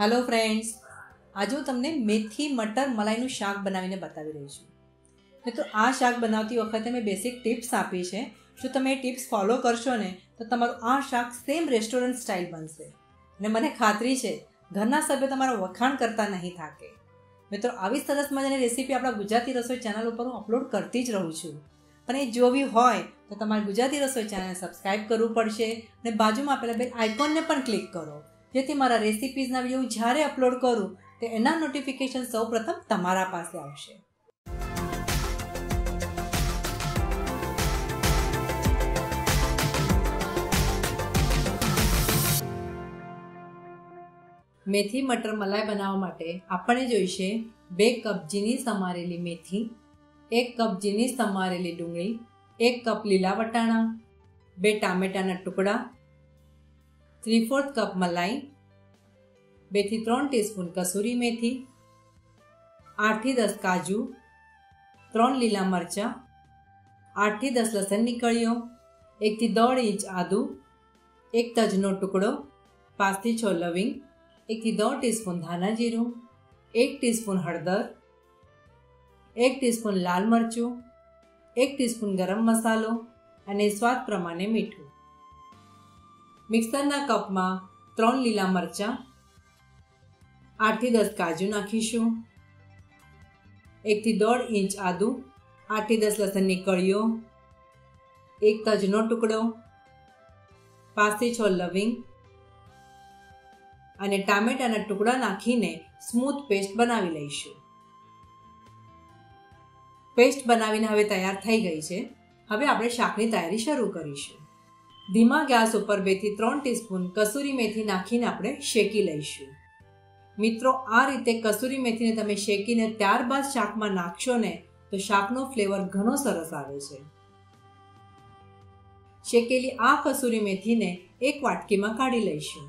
hello friends આજે હું તમને મેથી મટર મલાઈનું શાક બનાવીને બતાવી રહી છું મિત્રો આ શાક બનાવતી વખતે મેં બેસિક ટિપ્સ આપી છે જો તમે એ ટિપ્સ ફોલો કરશો ને તો તમારું આ શાક સેમ રેસ્ટોરન્ટ સ્ટાઇલ બનશે અને મને ખાતરી છે ઘરના સભ્યો તમારા વખાણ કરતા નહીં થાકે મિત્રો આવી સરસ મજાની રેસીપી આપણા ગુજરાતી રસોઈ ચેનલ ઉપર હું અપલોડ કરતી જ રહું છું પણ એ જોવી હોય તો તમારે ગુજરાતી રસોઈ ચેનલને સબસ્ક્રાઈબ કરવું પડશે અને બાજુમાં આપેલા બે આઇકોનને પણ ક્લિક કરો જેથી મારા રેસિપીઝના વિડીયો જ્યારે અપલોડ કરું તે એના નોટિફિકેશન સૌપ્રથમ તમારા પાસે આવશે મેથી મટર મલાઈ બનાવવા માટે આપણે જોઈશે બે કપ ઝીણી સમારેલી મેથી એક કપ ઝીણી સમારેલી ડુંગળી એક કપ લીલા વટાણા બે ટામેટાના ટુકડા થ્રી ફોર્થ કપ મલાઈ બેથી ત્રણ ટીસ્પૂન કસૂરી મેથી આઠથી દસ કાજુ ત્રણ લીલા મરચાં આઠથી દસ લસણની કળીઓ એકથી દોઢ ઇંચ આદુ એક તજનો ટુકડો પાંચથી છ લવિંગ એકથી દોઢ ટીસ્પૂન ધાના જીરું એક ટીસ્પૂન હળદર એક ટીસ્પૂન લાલ મરચું એક ટીસ્પૂન ગરમ મસાલો અને સ્વાદ પ્રમાણે મીઠું મિક્સરના કપમાં ત્રણ લીલા મરચાં આઠથી દસ કાજુ નાખીશું એકથી દોઢ ઇંચ આદું આઠથી દસ લસણની કળીઓ એક તજનો ટુકડો પાંચથી છ લવિંગ અને ટામેટાના ટુકડા નાખીને સ્મૂથ પેસ્ટ બનાવી લઈશું પેસ્ટ બનાવીને હવે તૈયાર થઈ ગઈ છે હવે આપણે શાકની તૈયારી શરૂ કરીશું ધીમા ગેસ ઉપર બેથી ત્રણ ટીસ્પૂન કસૂરી મેથી નાખીને આપણે શેકી લઈશું મિત્રો આ રીતે કસૂરી મેથીને તમે શેકીને ત્યારબાદ શાકમાં નાખશો ને તો શાકનો ફ્લેવર ઘણો સરસ આવે છે શેકેલી આ કસૂરી મેથીને એક વાટકીમાં કાઢી લઈશું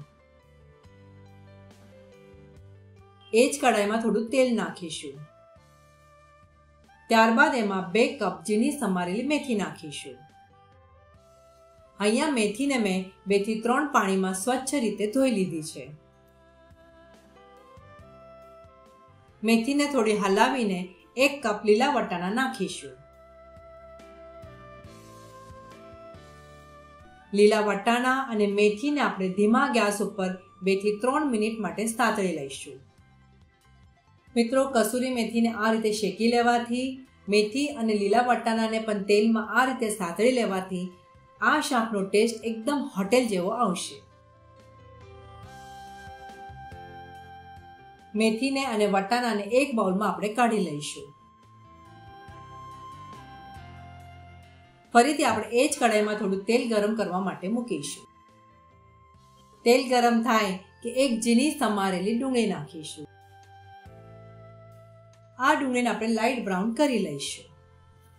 એ જ કડાઈમાં થોડું તેલ નાખીશું ત્યારબાદ એમાં બે કપ ઝીણી સમારેલી મેથી નાખીશું અહીંયા મેથીને મેં બેથી ત્રણ પાણીમાં સ્વચ્છ રીતે ધોઈ લીધી છે મેથીને થોડી હલાવીને એક કપ લીલા વટાણા નાખીશું લીલા વટાણા અને મેથીને આપણે ધીમા ગેસ ઉપર બે થી ત્રણ મિનિટ માટે સાતળી લઈશું મિત્રો કસૂરી મેથીને આ રીતે શેકી લેવાથી મેથી અને લીલા વટાણાને પણ તેલમાં આ રીતે સાતળી લેવાથી આ શાકનો ટેસ્ટ એકદમ હોટેલ જેવો આવશે મેથીને અને વટાણાને એક બાઉલમાં આપણે કાઢી લઈશું ફરીથી આપણે એ જ કઢાઈમાં થોડું તેલ ગરમ કરવા માટે મૂકીશું તેલ ગરમ થાય કે એક ઝીણી સમારેલી ડુંગળી નાખીશું આ ડુંગળીને આપણે લાઇટ બ્રાઉન કરી લઈશું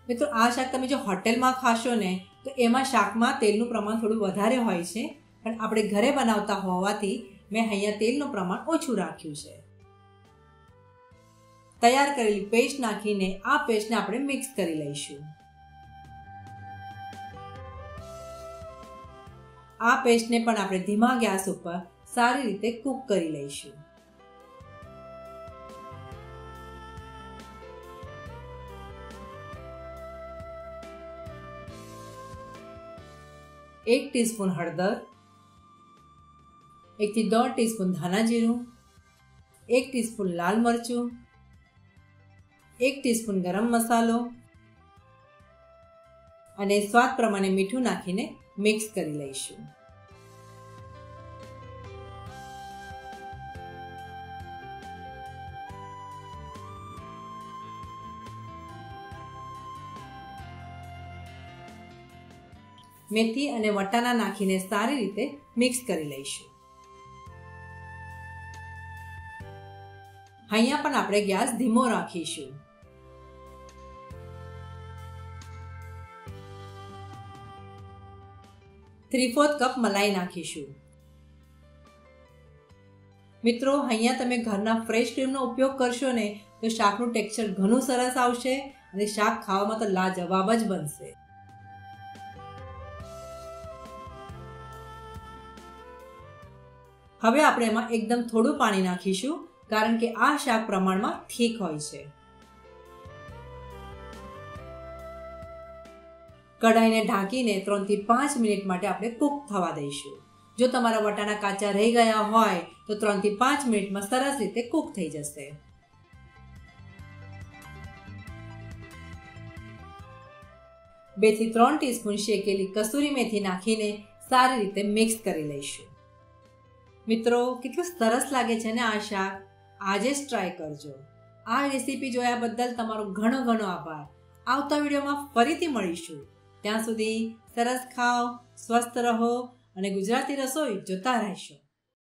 મિત્રો આ શાક તમે જો હોટેલમાં ખાશો ને તો એમાં શાકમાં તેલનું પ્રમાણ થોડું વધારે હોય છે પણ આપણે ઘરે બનાવતા હોવાથી મેં અહીંયા તેલનું પ્રમાણ ઓછું રાખ્યું છે તૈયાર કરેલી પેસ્ટ નાખીને આ પેસ્ટને આપણે મિક્સ કરી લઈશું આ પેસ્ટને પણ આપણે ધીમા ગેસ ઉપર સારી રીતે કૂક કરી લઈશું એક ટીસ્પૂન હળદર એકથી દોઢ ટીસ્પૂન ધાણા જીરું એક ટીસ્પૂન લાલ મરચું એક ટીસ્પૂન ગરમ મસાલો અને સ્વાદ પ્રમાણે મીઠું નાખીને મિક્સ કરી લઈશું મેથી અને વટાણા નાખીને સારી રીતે મિક્સ કરી લઈશું અહીંયા પણ આપણે ગેસ ધીમો રાખીશું થ્રી ફોર્થ કપ મલાઈ નાખીશું મિત્રો અહીંયા તમે ઘરના ફ્રેશ ક્રીમનો ઉપયોગ કરશો ને તો શાકનું ટેક્સચર ઘણું સરસ આવશે અને શાક ખાવામાં તો લાજવાબ જ બનશે હવે આપણે એમાં એકદમ થોડું પાણી નાખીશું કારણ કે આ શાક પ્રમાણમાં થીક હોય છે કઢાઈને ઢાંકીને ત્રણથી પાંચ મિનિટ માટે આપણે કૂક થવા દઈશું જો તમારા વટાણા કાચા રહી ગયા હોય તો ત્રણથી પાંચ મિનિટમાં સરસ રીતે કૂક થઈ જશે બેથી ત્રણ ટીસ્પૂન શેકેલી કસૂરી મેથી નાખીને સારી રીતે મિક્સ કરી લઈશું મિત્રો કેટલું સરસ લાગે છે ને આ શાક આજે જ ટ્રાય કરજો આ રેસીપી જોયા બદલ તમારો ઘણો ઘણો આભાર આવતા વિડીયોમાં ફરીથી મળીશું ત્યાં સુધી સરસ ખાઓ સ્વસ્થ રહો અને ગુજરાતી રસોઈ જોતા રહેશો